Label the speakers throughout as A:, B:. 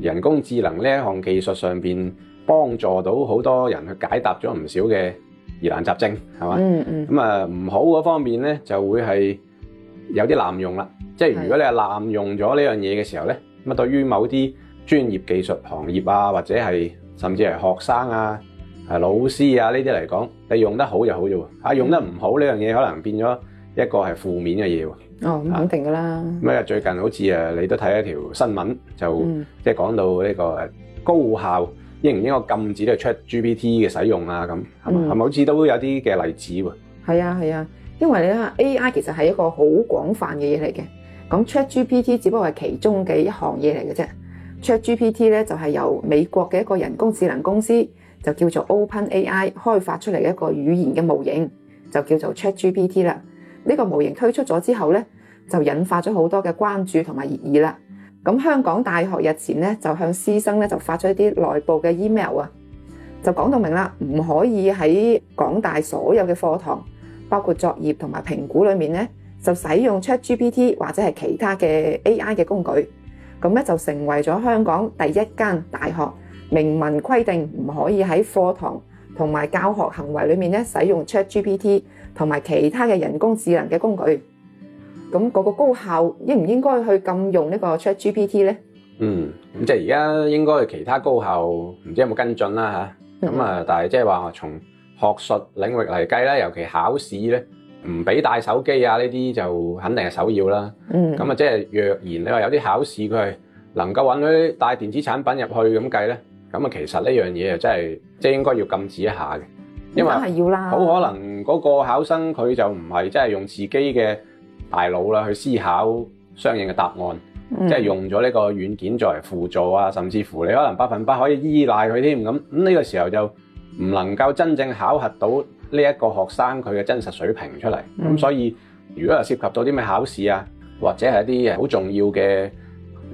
A: 人工智能呢一項技術上面幫助到好多人去解答咗唔少嘅疑難雜症，係嘛？嗯，嗯。咁啊唔好嗰方面咧，就會係有啲濫用啦。即係如果你係濫用咗呢樣嘢嘅時候咧，咁啊對於某啲專業技術行業啊，或者係甚至係學生啊，啊、老師啊呢啲嚟講，你用得好就好啫喎。啊，用得唔好呢樣嘢，可能變咗。一個係負面嘅嘢喎，哦，
B: 咁肯定噶啦。咩
A: 啊，最近好似你都睇一條新聞，嗯，就即講到呢個高校應唔應該禁止去 Chat GPT 嘅使用啊？咁係咪好似都有啲嘅例子喎？
B: 係啊，係啊，因為咧 A I 其實係一個好廣泛嘅嘢嚟嘅。咁 Chat GPT 只不過係其中嘅一項嘢嚟嘅啫。Chat GPT 咧就係由美國嘅一個人工智能公司就叫做 Open A I 開發出嚟嘅一個語言嘅模型，就叫做 Chat GPT 啦。呢個模型推出咗之後呢就引發咗好多嘅關注同埋熱議啦。咁香港大學日前呢，就向師生呢就發咗一啲內部嘅 email 啊，就講到明啦，唔可以喺港大所有嘅課堂，包括作業同埋評估裏面呢，就使用 ChatGPT 或者係其他嘅 AI 嘅工具。咁呢，就成為咗香港第一間大學明文規定唔可以喺課堂，同埋教學行為裏面咧，使用 Chat GPT 同埋其他嘅人工智能嘅工具，咁嗰個高校應唔應該去禁用呢個 Chat GPT 咧？嗯，咁
A: 即係而家應該其他高校唔知有冇跟進啦嚇。咁啊，但係即係話從學術領域嚟計咧，尤其考試咧，唔俾帶手機啊呢啲就肯定係首要啦。嗯。咁啊，即係若然你話有啲考試佢係能夠允許帶電子產品入去咁計咧？咁啊，其實呢樣嘢真係，即係應該要禁止一下嘅。
B: 因為啦。好
A: 可能嗰個考生佢就唔係真係用自己嘅大腦啦去思考相應嘅答案，嗯、即係用咗呢個軟件作為輔助啊，甚至乎你可能百分百可以依賴佢添。咁咁呢個時候就唔能夠真正考核到呢一個學生佢嘅真實水平出嚟。咁、嗯、所以如果係涉及到啲咩考試啊，或者係一啲好重要嘅。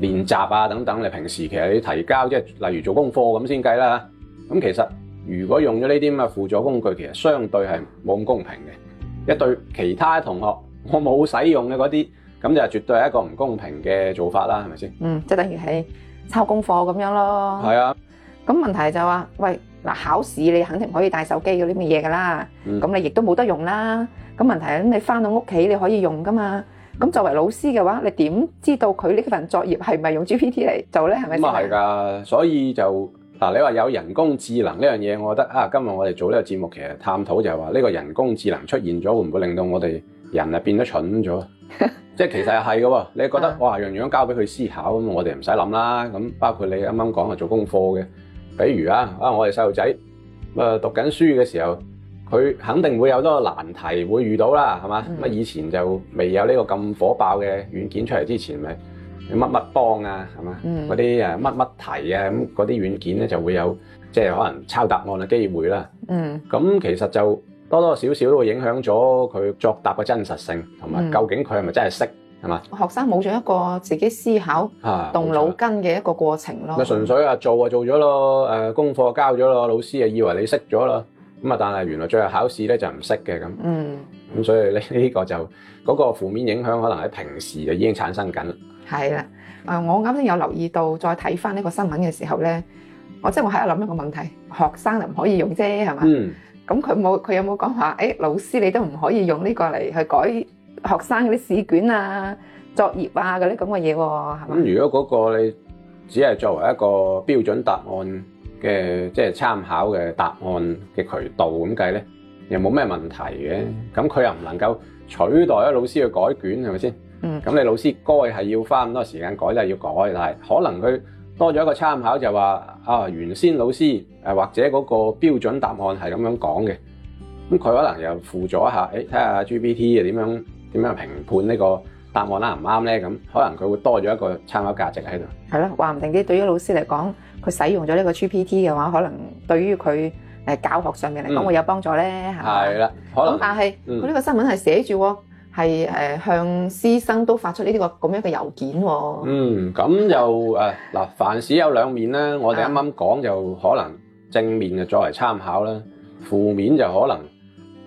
A: 練習啊等等，你平時其實要提交，即係例如做功課咁先計啦。咁其實如果用咗呢啲咁嘅輔助工具，其實相對係冇咁公平嘅。一對其他同學，我冇使用嘅嗰啲，咁就絕對係一個唔公平嘅做法啦，係咪先？
B: 嗯，即係等於係抄功課咁樣咯。係啊。咁問題就話、是，喂，嗱考試你肯定唔可以帶手機嗰啲咁嘅嘢㗎啦。咁、嗯、你亦都冇得用啦。咁問題咁你返到屋企你可以用㗎嘛？咁作為老師嘅話，你點知道佢呢份作業係咪用 GPT 嚟做咧？係咪咁啊？
A: 係㗎，所以就嗱，你話有人工智能呢樣嘢，我覺得啊，今日我哋做呢個節目其實探討就係話呢個人工智能出現咗，會唔會令到我哋人啊變得蠢咗？即 係其實係嘅喎，你覺得 哇，樣樣交俾佢思考，咁我哋唔使諗啦。咁包括你啱啱講啊，做功課嘅，比如啊，啊我哋細路仔啊讀緊書嘅時候。佢肯定會有多個難題會遇到啦，係嘛？咁以前就未有呢個咁火爆嘅軟件出嚟之前，咪乜乜幫啊，係嘛？嗰啲誒乜乜題啊，咁嗰啲軟件咧就會有，即係可能抄答案嘅機會啦。
B: 嗯，
A: 咁其實就多多少少都會影響咗佢作答嘅真實性，同埋究竟佢係咪真係識？係嘛？
B: 學生冇咗一個自己思考、動腦筋嘅一個過程咯。咪純
A: 粹啊，做啊做咗咯，誒功課交咗咯，老師啊以為你識咗咯。咁啊！但係原來最後考試咧就唔識嘅咁，嗯，
B: 咁
A: 所以呢呢個就嗰個負面影響可能喺平時就已經產生緊。
B: 係啦，誒，我啱先有留意到，再睇翻呢個新聞嘅時候咧，我即係我喺度諗一個問題：學生就唔可以用啫，係嘛？嗯，咁佢冇佢有冇講話，誒，老師你都唔可以用呢個嚟去改學生嗰啲試卷啊、作業啊嗰啲咁嘅嘢喎？係嘛？咁如果
A: 嗰個你只係作為一個標準答案，嘅即係參考嘅答案嘅渠道咁計咧，又冇咩問題嘅。咁、嗯、佢又唔能夠取代咗老師嘅改卷，係咪先？嗯，咁你老師該係要花咁多時間改，都係要改，但係可能佢多咗一個參考就話啊，原先老師誒、啊、或者嗰個標準答案係咁樣講嘅。咁佢可能又附咗一下，誒睇下 GPT 點樣點樣評判呢、呢個答案啦，啱唔啱咧？咁可能佢會多咗一個參考價值
B: 喺度。係咯，話唔定啲對於老師嚟講，佢使用咗呢個 GPT 嘅話，可能對於佢誒教學上面嚟講會有幫助咧，係嘛？
A: 係啦，咁但係佢呢個新聞
B: 係寫住係誒向師生都發出呢啲個咁樣嘅郵件。嗯，
A: 咁就誒嗱，凡事有兩面啦。我哋啱啱講就可能正面就作為參考啦，負面就可能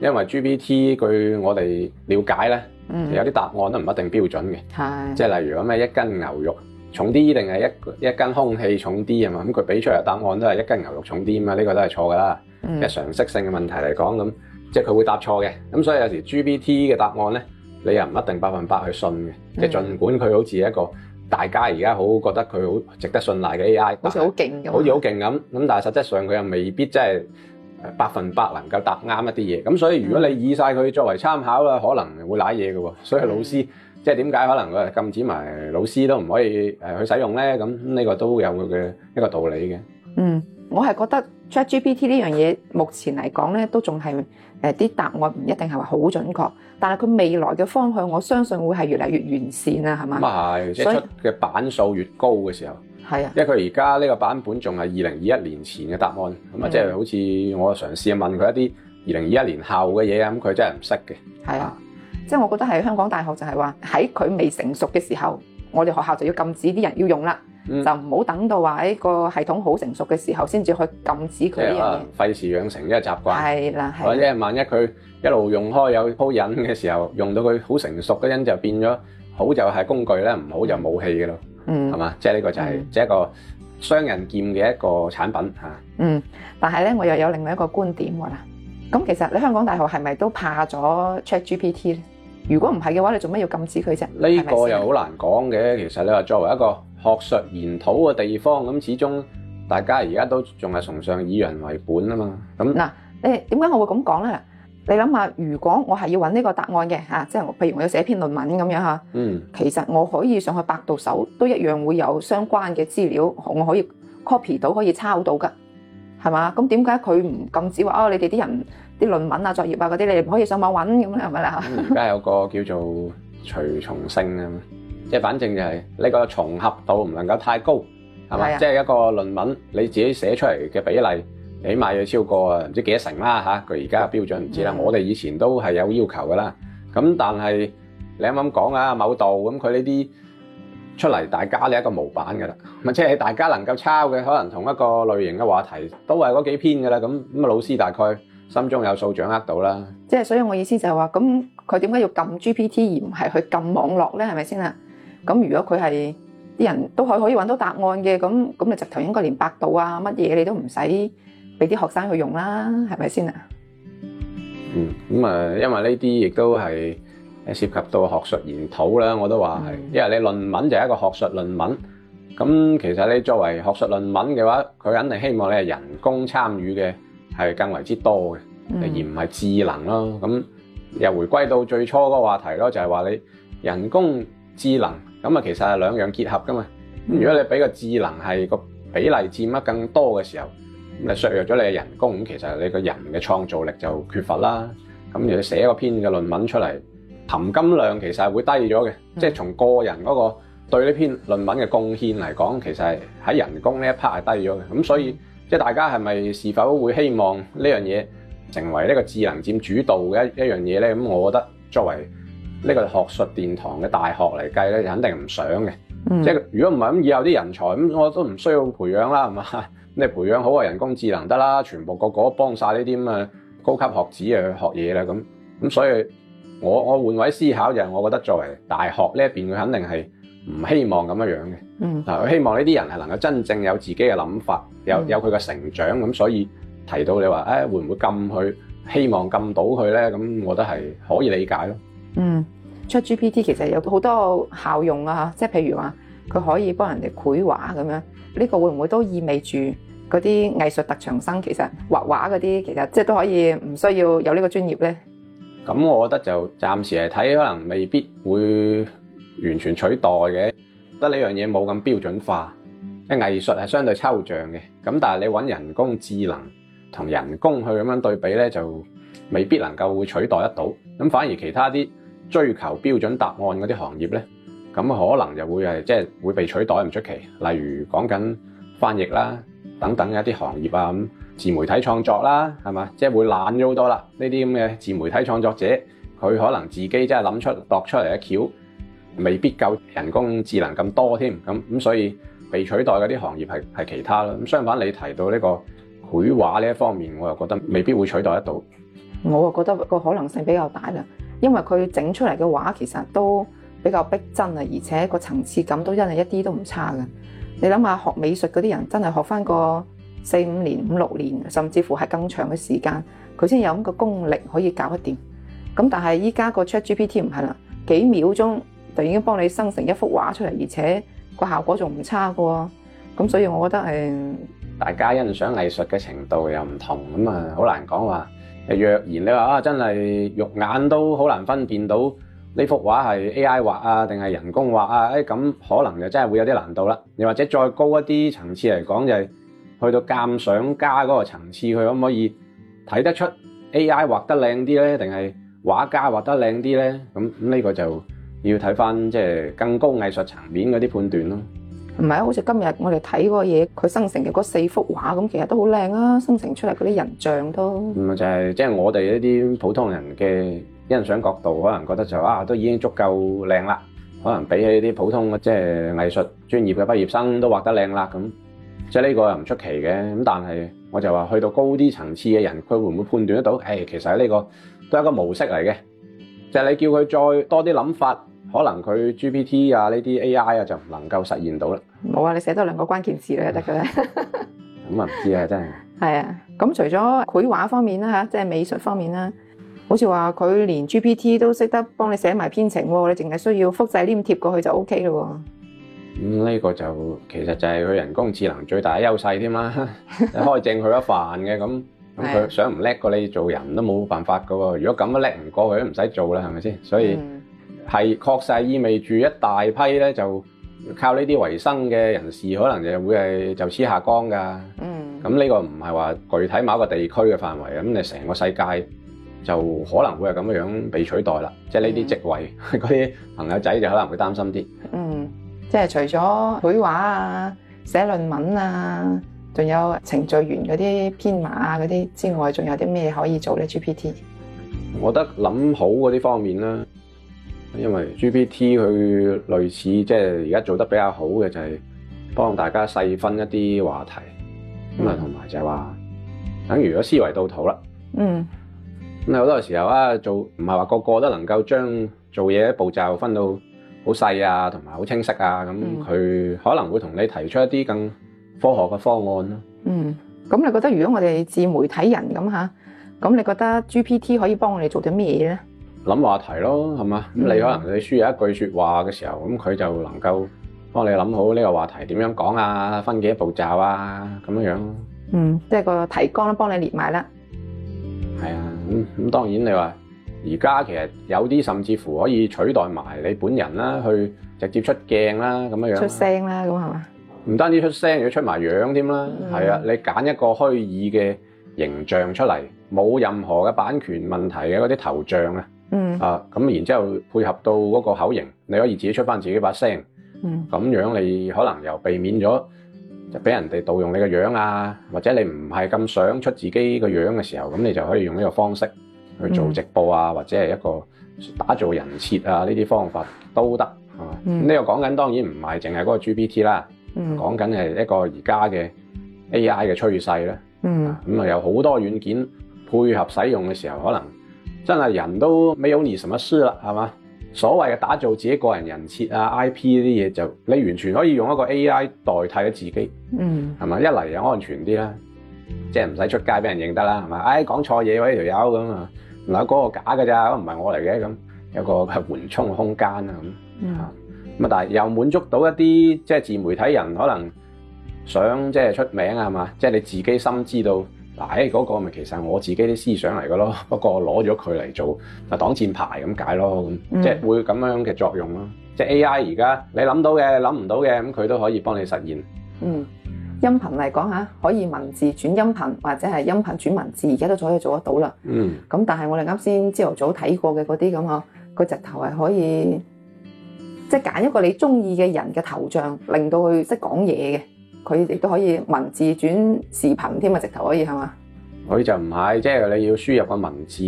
A: 因為 GPT 據我哋了解咧。嗯、有啲答案都唔一定標準嘅，即係例如咁咩一斤牛肉重啲定係一一,一斤空氣重啲啊嘛？咁佢俾出嚟答案都係一斤牛肉重啲啊嘛？呢、這個都係錯㗎啦，即、嗯、係常識性嘅問題嚟講咁，即係佢會答錯嘅。咁所以有時 GPT 嘅答案咧，你又唔一定百分百去信嘅，即係儘管佢好似一個大家而家好覺得佢好值得信賴嘅 AI，好似
B: 好勁咁，好似好
A: 勁咁。咁但係實際上佢又未必真係。百分百能夠答啱一啲嘢，咁所以如果你以晒佢作為參考啦、嗯，可能會揦嘢嘅喎。所以老師、嗯、即係點解可能佢禁止埋老師都唔可以誒去使用咧？咁呢個都有佢嘅一個道理嘅。嗯，
B: 我係覺得 ChatGPT 呢樣嘢目前嚟講咧，都仲係誒啲答案唔一定係話好準確，但係佢未來嘅方向，我相信會係越嚟越完善啊，係嘛？唔係，即係出
A: 嘅版數越高嘅時候。係、啊，因為佢而家呢個版本仲係二零二一年前嘅答案，咁、嗯、啊，即、就、係、是、好似我嘗試問佢一啲二零二一年後嘅嘢，咁佢真係唔識嘅。
B: 係啊，即、啊、係、就是、我覺得係香港大學就係話喺佢未成熟嘅時候，我哋學校就要禁止啲人要用啦、嗯，就唔好等到話喺個系統好成熟嘅時候先至去禁止佢。
A: 費事、啊、養成呢個、就是、習慣。係啦、啊，或者、啊就是、萬一佢一路用開有鋪癮嘅時候，用到佢好成熟嗰陣就變咗好就係工具咧，唔好就武器㗎啦。嗯，係嘛，即係呢個就係即係一個雙刃劍嘅一個產品吓。嗯，
B: 但係咧我又有另外一個觀點啦。咁其實你香港大學係咪都怕咗 ChatGPT 咧？如果唔係嘅話，你做咩要禁止佢啫？呢、呢個係咪又好難
A: 講嘅。其實你話作為一個學術研討嘅地方，咁始終大家而家都仲係崇尚以人為本啊嘛。
B: 咁嗱，誒，點解我會咁講咧？你諗下，如果我係要搵呢個答案嘅吓，即、啊、係譬如我要寫篇論文咁樣吓，嗯，其實我可以上去百度搜，都一樣會有相關嘅資料，我可以 copy 到，可以抄到噶，係嘛？咁點解佢唔禁止話哦？你哋啲人啲論文啊、作業啊嗰啲，你哋唔可以上網搵咁啦，係咪啦？
A: 而、嗯、家有個叫做除重性啊，即係反正就係、是、呢個重合度唔能夠太高，係咪？即係、啊就是、一個論文你自己寫出嚟嘅比例。起碼要超過啊，唔知幾多成啦吓。佢而家嘅標準唔知啦。我哋以前都係有要求㗎喇。咁但係你啱啱講啊，某度咁佢呢啲出嚟，大家呢一個模板㗎喇。咪即係大家能夠抄嘅，可能同一個類型嘅話題都係嗰幾篇㗎喇。咁咁啊，老師大概心中有數，掌握到啦。
B: 即係所以我意思就係話，咁佢點解要撳 GPT 而唔係去撳網絡咧？係咪先啊？咁如果佢係啲人都係可以揾到答案嘅，咁咁你直頭應該連百度啊乜嘢你都唔使。俾啲學生
A: 去用啦，係咪先啊？嗯，咁、嗯、啊，因為呢啲亦都係涉及到學術研討啦，我都話係、嗯，因為你論文就係一個學術論文，咁其實你作為學術論文嘅話，佢肯定希望你係人工參與嘅，係更為之多嘅、
B: 嗯，而唔
A: 係智能咯。咁、嗯、又回歸到最初個話題咯，就係、是、話你人工智能咁啊，其實係兩樣結合噶嘛。咁、嗯、如果你俾個智能係、那個比例佔得更多嘅時候。咁削弱咗你嘅人工，咁其實你個人嘅創造力就缺乏啦。咁如果寫一篇嘅論文出嚟，含金量其實係會低咗嘅、嗯。即係從個人嗰個對呢篇論文嘅貢獻嚟講，其實係喺人工呢一 part 係低咗嘅。咁所以即係、嗯、大家係咪是，是否會希望呢樣嘢成為呢個智能佔主導嘅一一樣嘢咧？咁我覺得作為呢個學術殿堂嘅大學嚟計咧，肯定唔想嘅、嗯。即係如果唔係咁，以後啲人才咁我都唔需要培養啦，係嘛？你培養好啊，人工智能得啦，全部個個幫晒呢啲咁嘅高級學子啊去學嘢啦咁。咁所以我，我我換位思考就，我覺得作為大學呢一邊，佢肯定係唔希望咁樣嘅。嗯，嗱，佢希望呢啲人係能夠真正有自己嘅諗法，有有佢嘅成長。咁、嗯、所以提到你話，唉、哎，會唔會禁佢？希望禁到佢咧？咁我覺得係可以理解咯。嗯
B: ，ChatGPT 其實有好多效用啊，即係譬如話，佢可以幫人哋繪畫咁樣。呢個會唔會都意味住嗰啲藝術特長生，其實畫畫嗰啲其實即係都可以唔需要有呢個專業咧？
A: 咁我覺得就暫時係睇可能未必會完全取代嘅，得呢樣嘢冇咁標準化，即係藝術係相對抽象嘅。咁但係你揾人工智能同人工去咁樣對比咧，就未必能夠會取代得到。咁反而其他啲追求標準答案嗰啲行業咧。咁可能就會係即係會被取代唔出奇，例如講緊翻譯啦等等嘅一啲行業啊咁，自媒體創作啦係嘛，即係、就是、會懶咗好多啦。呢啲咁嘅自媒體創作者，佢可能自己真係諗出度出嚟嘅橋未必夠人工智能咁多添。咁咁所以被取代嗰啲行業係其他啦。咁相反你提到呢個繪畫呢一方面，我又覺得未必會取代得到。
B: 我啊覺得個可能性比較大啦，因為佢整出嚟嘅畫其實都。比較逼真啊，而且個層次感都真係一啲都唔差㗎。你諗下，學美術嗰啲人真係學返個四五年、五六年，甚至乎係更長嘅時間，佢先有咁個功力可以搞得掂。咁但係依家個 ChatGPT 唔係啦，幾秒鐘就已經幫你生成一幅畫出嚟，而且個效果仲唔差㗎。咁所以我覺得誒，
A: 大家欣賞藝術嘅程度又唔同，咁啊好難講話。若然你話啊，真係肉眼都好難分辨到。呢幅畫係 AI 畫啊，定係人工畫啊？誒、哎、咁可能就真係會有啲難度啦。又或者再高一啲層次嚟講，就係去到鑑賞家嗰個層次，佢可唔可以睇得出 AI 畫得靚啲咧，定係畫家畫得靚啲咧？咁呢個就要睇翻即係更高藝術層面嗰啲判斷咯。
B: 唔係啊，好似今日我哋睇嗰個嘢，佢生成嘅嗰四幅畫咁，其實都好靚啊！生成出嚟嗰啲人像都
A: 唔係就係即係我哋一啲普通人嘅。欣賞角度可能覺得就啊都已經足夠靚啦，可能比起啲普通嘅即係藝術專業嘅畢業生都畫得靚啦咁，即係呢個又唔出奇嘅。咁但係我就話去到高啲層次嘅人，佢會唔會判斷得到？誒，其實呢個都係一個模式嚟嘅，即係你叫佢再多啲諗法，可能佢 GPT 啊呢啲 AI 啊就唔能夠實現到啦。
B: 冇啊，你寫多兩個關鍵字咧就得㗎啦。咁
A: 啊唔知啊，真係。
B: 係啊，咁除咗繪畫方面啦，吓即係美術方面啦。好似話佢連 GPT 都識得幫你寫埋編程喎，你淨係需要複製黏貼過去就 OK 咯喎。咁
A: 呢個就其實就係佢人工智能最大嘅優勢添啦。開正佢一煩嘅，咁咁佢想唔叻過你做人都冇辦法噶喎。如果咁都叻唔過佢，都唔使做啦，係咪先？所以係確實意味住一大批咧就靠呢啲維生嘅人士，可能就會係就此下崗㗎。嗯，咁呢個唔係話具體某一個地區嘅範圍啊，咁你成個世界。就可能會係咁樣樣被取代啦，即係呢啲職位，嗰、嗯、啲 朋友仔就可能會擔心啲。嗯，
B: 即係除咗繪畫啊、寫論文啊，仲有程序員嗰啲編碼嗰、啊、啲之外，仲有啲咩可以做咧？GPT，
A: 我覺得諗好嗰啲方面啦，因為 GPT 佢類似即係而家做得比較好嘅就係幫大家細分一啲話題，咁啊同埋就係話等如果思維導圖啦。嗯。咁好多時候啊，做唔係話個個都能夠將做嘢步驟分到好細啊，同埋好清晰啊。咁佢可能會同你提出一啲更科學嘅方案咯、啊。嗯，
B: 咁你覺得如果我哋自媒體人咁吓，咁你覺得 GPT 可以幫我哋做啲咩嘢咧？
A: 諗話題咯，係嘛？咁你可能你輸入一句說話嘅時候，咁佢就能夠幫你諗好呢個話題點樣講啊，分幾多步驟啊，咁樣樣咯、啊。
B: 嗯，即係個提綱都幫你列埋啦。係啊。
A: 咁、嗯、咁、嗯、當然你話而家其實有啲甚至乎可以取代埋你本人啦，去直接出鏡啦咁樣啦，出
B: 聲啦咁
A: 係嘛？唔單止出聲，要出埋樣添啦。係、嗯、啊，你揀一個虛擬嘅形象出嚟，冇任何嘅版權問題嘅嗰啲頭像啊。嗯。啊，咁然之後配合到嗰個口型，你可以自己出翻自己把聲。嗯。咁樣你可能又避免咗。就俾人哋盜用你個樣啊，或者你唔係咁想出自己個樣嘅時候，咁你就可以用呢個方式去做直播啊，嗯、或者係一個打造人設啊，呢啲方法都得。咁、嗯、呢、嗯呢個講緊當然唔係淨係嗰個 GPT 啦，
B: 講緊係
A: 一個而家嘅 AI 嘅趨勢啦。
B: 咁、嗯、啊有
A: 好多軟件配合使用嘅時候，可能真係人都冇你咩事啦，係嘛？所謂嘅打造自己個人人設啊、IP 呢啲嘢，就你完全可以用一個 AI 代替咗自己，係、嗯、咪？一嚟又安全啲啦，即係唔使出街俾人認得啦，係嘛？誒、哎、講錯嘢喎，呢條友咁啊，嗱、那、嗰個假嘅咋，唔係我嚟嘅，咁有個緩衝空間啊
B: 咁。
A: 啊、嗯，但係又滿足到一啲即係自媒體人可能想即係、就是、出名啊，係嘛？即、就、係、是、你自己心知道。嗱，誒嗰個咪其實我自己啲思想嚟嘅咯，不過攞咗佢嚟做嗱擋箭牌咁解咯，咁即係會咁樣嘅作用咯。即係 A.I. 而家你諗到嘅、諗唔到嘅，咁佢都可以幫你實現。
B: 嗯，音頻嚟講嚇，可以文字轉音頻或者係音頻轉文字，而家都可以做得到啦。嗯，咁但係我哋啱先朝頭早睇過嘅嗰啲咁嚇，個直頭係可以即係揀一個你中意嘅人嘅頭像，令到佢識講嘢嘅。佢亦都可以文字轉視頻添啊，直頭可以係嘛？
A: 佢就唔係，即係你要輸入個文字，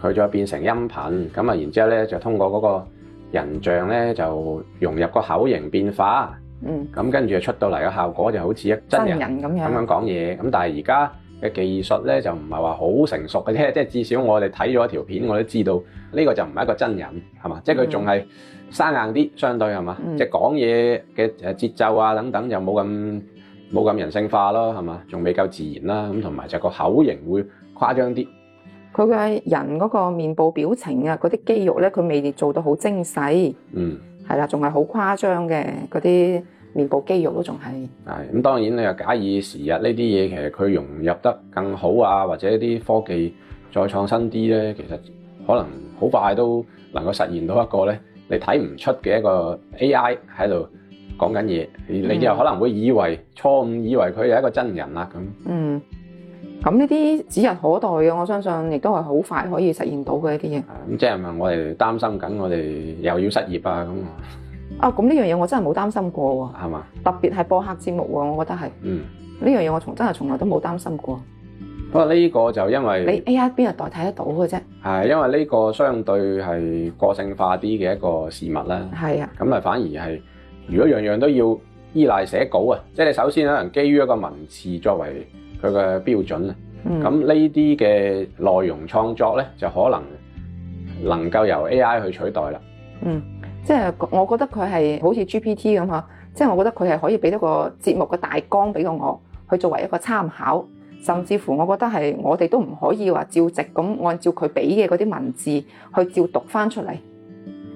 A: 佢再變成音頻，咁啊，然之後咧就通過嗰個人像咧就融入個口型變化，嗯，咁跟住出到嚟嘅效果就好似一真人咁樣講嘢。咁但係而家嘅技術咧就唔係話好成熟嘅啫，即係至少我哋睇咗條片、嗯，我都知道呢個就唔係一個真人，係嘛？即係佢仲係生硬啲，相對係嘛？即係講嘢嘅誒節奏啊等等又冇咁。冇咁人性化咯，係嘛？仲未夠自然啦，咁同埋就個口型會誇張啲。
B: 佢嘅人嗰個面部表情啊，嗰啲肌肉咧，佢未做到好精細。嗯，係啦，仲係好誇張嘅嗰啲面部肌肉都仲係。係、嗯，咁
A: 當然你又假以時日，呢啲嘢其實佢融入得更好啊，或者一啲科技再創新啲咧，其實可能好快都能夠實現到一個咧，你睇唔出嘅一個 AI 喺度。講緊嘢，你又可能會以為錯誤，嗯、以為佢係一個真人啦咁。嗯，
B: 咁呢啲指日可待嘅，我相信亦都係好快可以實現到嘅一啲嘢。咁
A: 即係咪我哋擔心緊，我哋又要失業啊咁
B: 啊？咁呢樣嘢我真係冇擔心過喎，係嘛？特別係播客節目，我覺得係，嗯，呢樣嘢我從真係從來都冇擔心過。
A: 不過呢個就因為你
B: AI 邊日代替得到嘅啫，
A: 係因為呢個相對係個性化啲嘅一個事物啦，係啊，咁咪反而係。如果樣樣都要依賴寫稿啊，即係你首先可能基於一個文字作為佢嘅標準啊。咁呢啲嘅內容創作咧，就可能能夠由 A.I. 去取代
B: 啦。嗯，即係我覺得佢係好似 G.P.T. 咁嚇，即係我覺得佢係可以俾一個節目嘅大綱俾到我，去作為一個參考，甚至乎我覺得係我哋都唔可以話照直咁按照佢俾嘅嗰啲文字去照讀翻出嚟。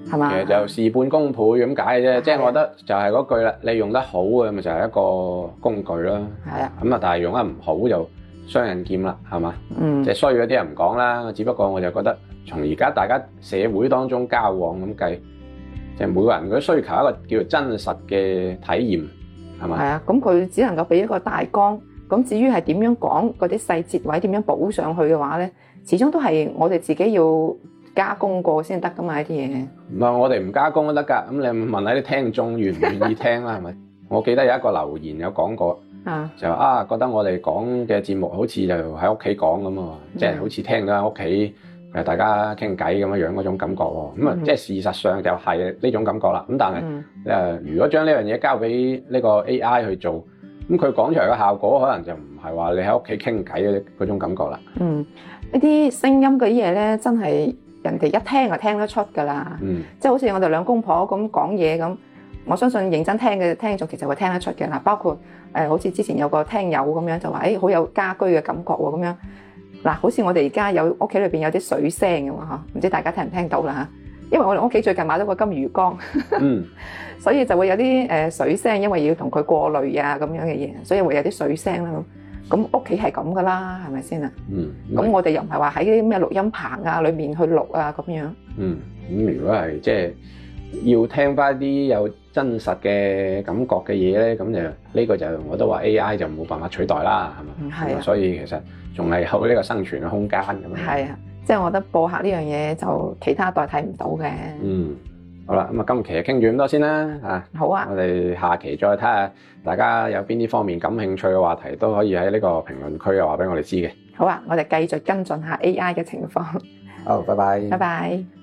A: 係嘛，其實就事半功倍咁解啫，即係、就是、我覺得就係嗰句啦，你用得好嘅咪就係一個工具咯，
B: 係啊。咁啊，但係用得唔
A: 好就雙刃劍啦，係嘛。嗯。即係衰嗰啲人唔講啦，只不過我就覺得從而家大家社會當中交往咁計，即、就、係、是、每個人嗰啲需求一個叫做真實嘅體驗，
B: 係嘛。係啊，咁佢只能夠俾一個大綱，咁至於係點樣講嗰啲細節位點樣補上去嘅話咧，始終都係我哋自己要。加工過先得㗎嘛？
A: 呢啲嘢唔係我哋唔加工都得㗎。咁你問下啲聽眾願唔願意聽啦，係咪？我記得有一個留言有講過，就話啊覺得我哋講嘅節目好似就喺屋企講咁，即係好似聽緊喺屋企誒大家傾偈咁樣樣嗰種感覺喎。咁啊，即係事實上就係呢種感覺啦。咁但係誒，如果將呢樣嘢交俾呢個 AI 去做，咁佢講出嚟嘅效果可能就唔係話你喺屋企傾偈嗰嗰種感覺啦。嗯，
B: 呢啲聲音嗰啲嘢咧，真係～人哋一聽就聽得出㗎啦、嗯，即係好似我哋兩公婆咁講嘢咁，我相信認真聽嘅聽眾其實會聽得出嘅嗱，包括、呃、好似之前有個聽友咁樣就話誒、哎、好有家居嘅感覺喎、哦、咁樣，嗱好似我哋而家有屋企裏面有啲水聲嘅喎，唔知大家聽唔聽到啦，因為我哋屋企最近買咗個金魚缸，
A: 嗯、
B: 所以就會有啲、呃、水聲，因為要同佢過濾啊咁樣嘅嘢，所以會有啲水聲啦咁。咁屋企係咁噶啦，係咪先啊？嗯。咁我哋又唔係話喺啲咩錄音棚啊裏面去錄啊咁樣。
A: 嗯，咁、嗯、如果係即係要聽翻啲有真實嘅感覺嘅嘢咧，咁就呢、呢個就我都話 AI 就冇辦法取代啦，係咪？嗯，係。所以其實仲係有呢個生存嘅空間咁樣。係啊，
B: 即、就、係、係、我覺得播客呢樣嘢就其他代替唔到嘅。嗯。
A: 好啦，咁啊，今期啊，傾住咁多先啦，啊，好啊，我哋下期再睇下大家有邊啲方面感興趣嘅話題，都可以喺呢個評論區又話俾我哋知嘅。
B: 好啊，我哋繼續跟進下 AI 嘅情況。好，拜拜。拜拜。